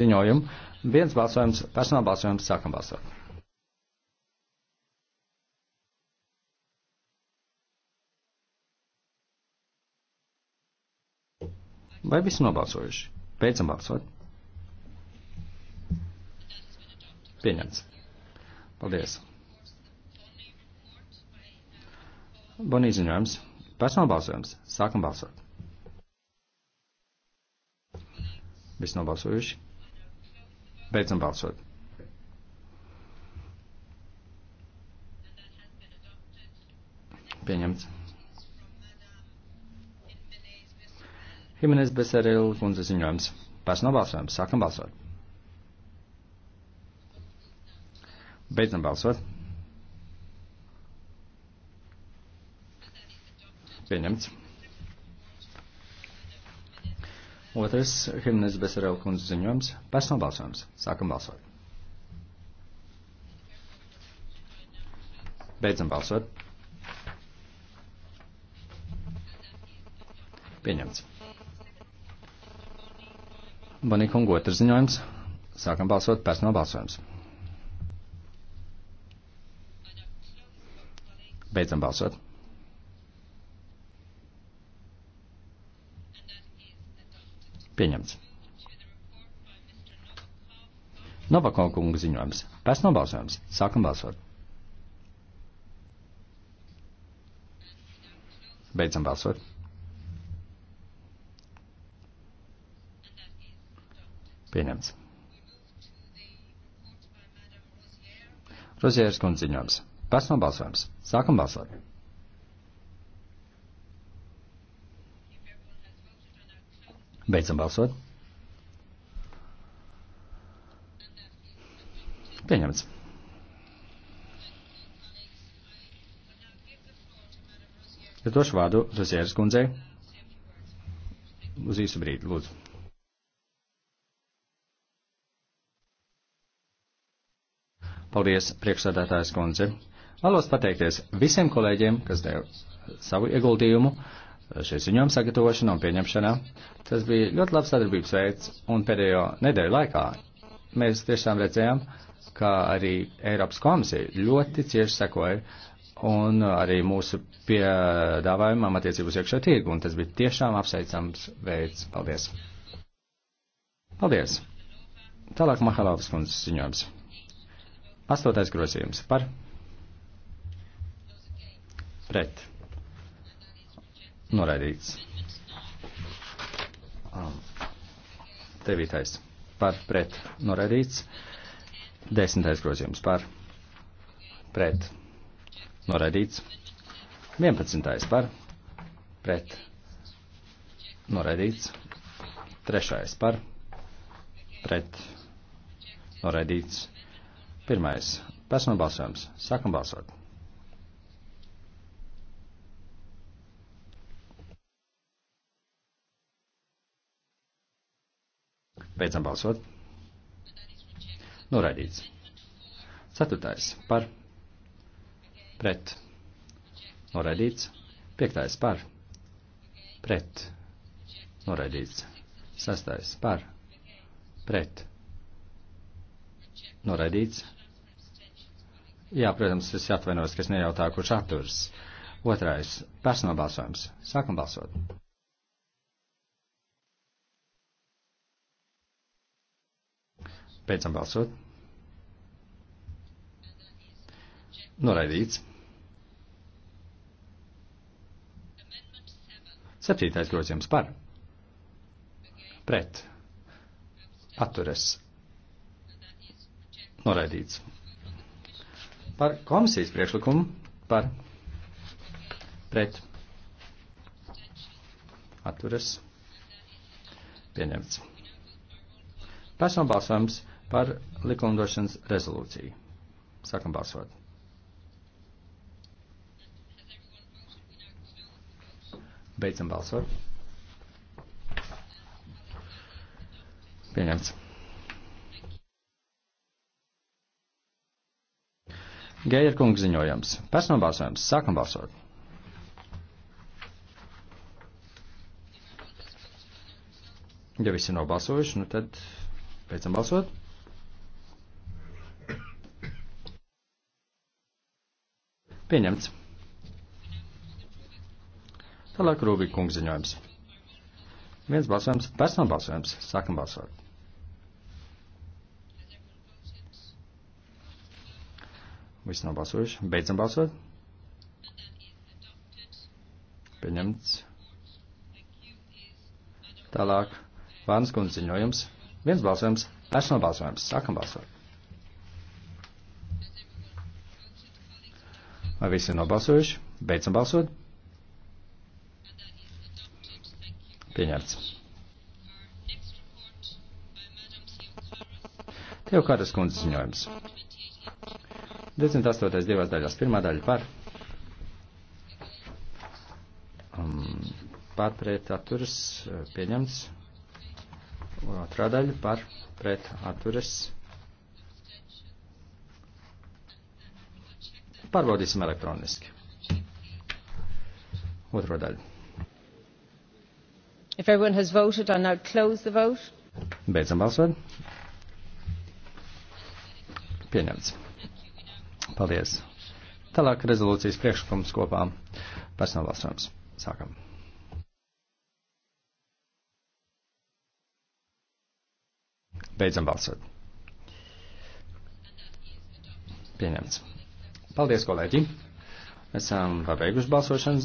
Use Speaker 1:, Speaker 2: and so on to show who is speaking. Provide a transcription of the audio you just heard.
Speaker 1: ziņojumu. Viens balsojums, personāla balsojums, sākam balsot. Vai visi nobalsojuši? Beidzam balsot. Pieņemts. Paldies. Bonī ziņojums. Personāla balsojums. Sākam balsot. Visi nobalsojuši. Beidzam balsot. Pieņemts. Himenes Beserila kundze ziņojums. Pēc nobalsojuma sākam balsot. Beidzam balsot. Pieņemts. Otrais Himnes Besarela kundzes ziņojums - personāla balsojums. Sākam balsot. Beidzam balsot. Pieņemts. Bonikungu otrs ziņojums. Sākam balsot personāla balsojums. Beidzam balsot. Pieņemts. Novakov kunga ziņojums. Pēc nobalsojums. Sākam balsot. Beidzam balsot. Pieņemts. Rozieres kundze ziņojums. Pēc nobalsojums. Sākam balsot. Beidzam balsot. Pieņemts. Es došu vārdu Rozieras kundzei. Uz īsu brīdi, lūdzu. Paldies, priekšsādātājs kundze. Vēlos pateikties visiem kolēģiem, kas deva savu ieguldījumu šī ziņojuma sagatavošanā un pieņemšanā. Tas bija ļoti labs sadarbības veids, un pēdējo nedēļu laikā mēs tiešām redzējām, ka arī Eiropas komisija ļoti cieši sekoja un arī mūsu piedāvājumam attiecībos iekšā tirgu, un tas bija tiešām apsveicams veids. Paldies! Paldies! Tālāk Mahalovas kundzes ziņojums. Astotais grozījums par pret. Noraidīts. Devītais par pret noraidīts. Desmitais grozījums par pret noraidīts. Vienpadsmitais par pret noraidīts. Trešais par pret noraidīts. Pirmais personāla balsojums. Sākam balsot! Beidzam balsot. Noraidīts. Ceturtais par. Pret. Noraidīts. Piektais par. Pret. Noraidīts. Sastais par. Pret. Noraidīts. Jā, protams, es atvainojos, ka es nejautāju, kurš atturs. Otrais - personāla balsojums. Sākam balsot. Beidzam balsot. Noraidīts. Septītais grozījums par. Pret. Atturas. Noraidīts. Par komisijas priekšlikumu par. Pret. Atturas. Pieņemts. Personāla balsojums par likumdošanas rezolūciju. Sākam balsot. Beidzam balsot. Pieņemts. Geier kungs ziņojams. Personāla balsojums. Sākam balsot. Ja visi nav balsojuši, nu tad beidzam balsot. Pieņemts. Tālāk Rūvija kungs ziņojums. Viens balsojums, personu balsojums. Sākam balsot. Visi nav balsojuši. Beidzam balsot. Pieņemts. Tālāk Vānas kundze ziņojums. Viens balsojums, personu balsojums. Sākam balsot. Vai visi ir nobalsojuši? Beidzam balsot. Pieņemts. Tev kādas kundzes ziņojums. 28. divās daļās. Pirmā daļa par. Um, par pret atturas uh, pieņemts. Otrā daļa par pret atturas pieņemts. Pārbaudīsim elektroniski. Otro daļu. If everyone has voted, I now close the vote. Beidzam balsot. Pieņemts. Paldies. Tālāk rezolūcijas priekšlikums kopā personāla balsojums. Sākam. Beidzam balsot. Pieņemts. Paldies, kolēģi! Esam pabeiguši balsošanas.